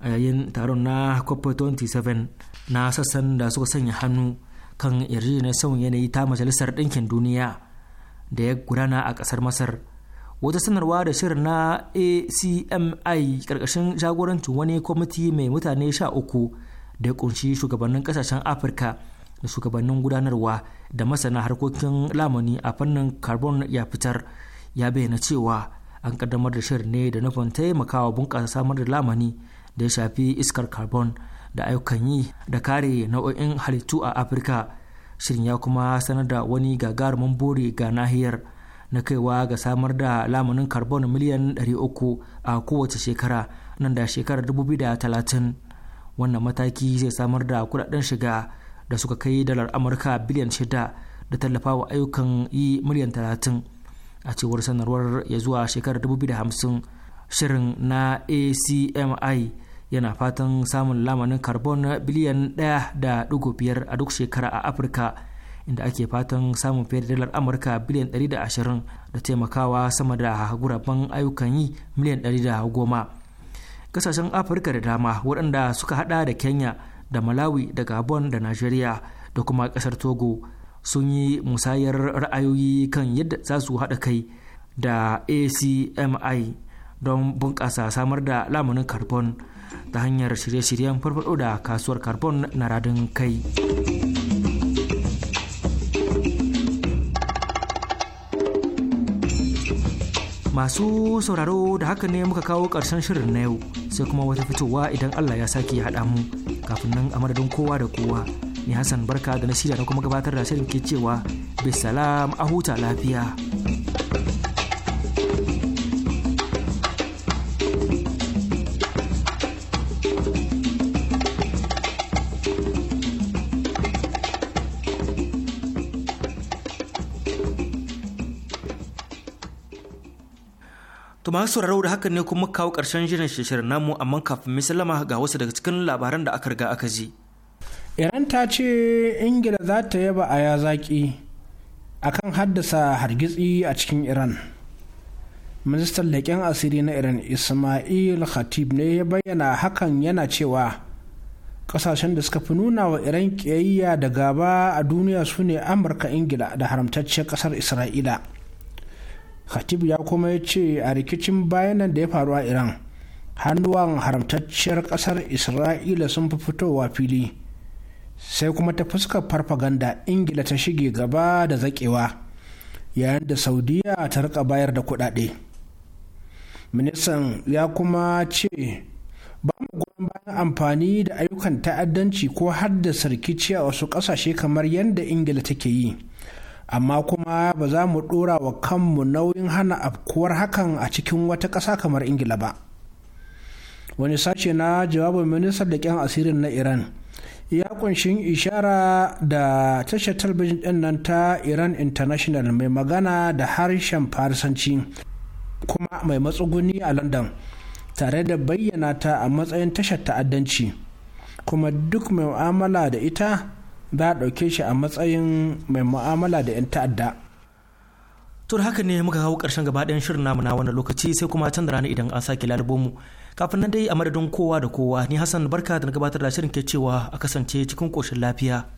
a yayin taron na cop 27 na sassan da suka sanya hannu kan yarjejeniyar sauyin yanayi ta majalisar ɗinkin duniya da ya gudana a ƙasar masar wata sanarwa da shirin na acmi ƙarƙashin jagorancin wani kwamiti mai mutane sha uku da ya kunshi shugabannin ƙasashen afirka da shugabannin gudanarwa da masana harkokin lamani a fannin carbon ya fitar ya bayyana cewa an kaddamar da shirin ne da nufin taimakawa bunƙasa samar da lamani da ya shafi iskar carbon da ayyukan yi da kare nau'o'in halittu a afirka shirin ya kuma sanar da wani gagarumin buri ga nahiyar na kaiwa ga samar da lamunin carbon miliyan 300 a kowace shekara nan da shekarar 2030 wannan mataki zai samar da kudaden shiga da suka kai dalar amurka biliyan shida da tallafawa ayyukan yi miliyan talatin a cewar sanarwar ya zuwa shekarar 2050 shirin na acmi yana fatan samun lamanin carbon biliyan 1.5 a duk shekara a afirka inda ake fatan samun fiye da dalar amurka biliyan 120 da taimakawa sama da guraben ayyukan yi miliyan 110 kasashen afirka da dama waɗanda suka hada da kenya da malawi da gabon da najeriya da kuma kasar togo sun yi musayar ra'ayoyi kan yadda za su haɗa kai da acmi don bunƙasa samar da lamunin carbon ta hanyar shirye-shiryen farfaɗo da kasuwar carbon na radin kai. masu sauraro da haka ne muka kawo ƙarshen shirin na yau sai kuma wata fitowa idan allah ya sake haɗa mu kafin nan a madadin kowa da kowa ni hassan barka da na shirya na kuma gabatar da shirin ke cewa bisalam a huta lafiya. To masu sauraro da hakan ne kuma kawo karshen jiran shirin namu amma kafin misalama ga wasu daga cikin labaran da aka riga aka ji. Iran ta ce Ingila za ta yaba a zaƙi akan haddasa hargitsi a cikin Iran. Ministan leƙen asiri na Iran Ismail Khatib ne ya bayyana hakan yana cewa ƙasashen da suka fi nuna wa Iran ƙiyayya da gaba a duniya su ne Amurka, Ingila da haramtacciyar ƙasar Isra'ila. khatib ya kuma ya ce a rikicin bayanan da ya faru a iran hannuwan haramtacciyar kasar isra'ila sun fi fitowa fili sai kuma ta fuskar farfaganda ingila ta shige gaba da zaƙewa yayin da saudiya ta rika bayar da kuɗaɗe. ministan ya kuma ce ba mu goyon bayan amfani da ayyukan ta'addanci ko haddasa rikici a wasu kasashe kamar yadda ingila take yi amma kuma ba za mu ɗora wa kanmu nauyin hana afkuwar hakan a cikin wata ƙasa kamar ingila ba wani sashe na jawabin ministan da ƙyan asirin na iran ya kunshi ishara da tashar talabijin din nan ta iran international mai magana da harshen farisanci kuma mai matsuguni a london tare da bayyana ta a matsayin tashar ta'addanci kuma duk mai mu'amala da ita za a ɗauke shi a matsayin mai mu'amala da 'yan ta'adda. tur haka ne muka hau ƙarshen gaba ɗayan shirin namu na wannan lokaci sai kuma can da rana idan an sake lalubo mu kafin nan dai a madadin kowa da kowa ni hassan barka da na gabatar da shirin ke cewa a kasance cikin ƙoshin lafiya.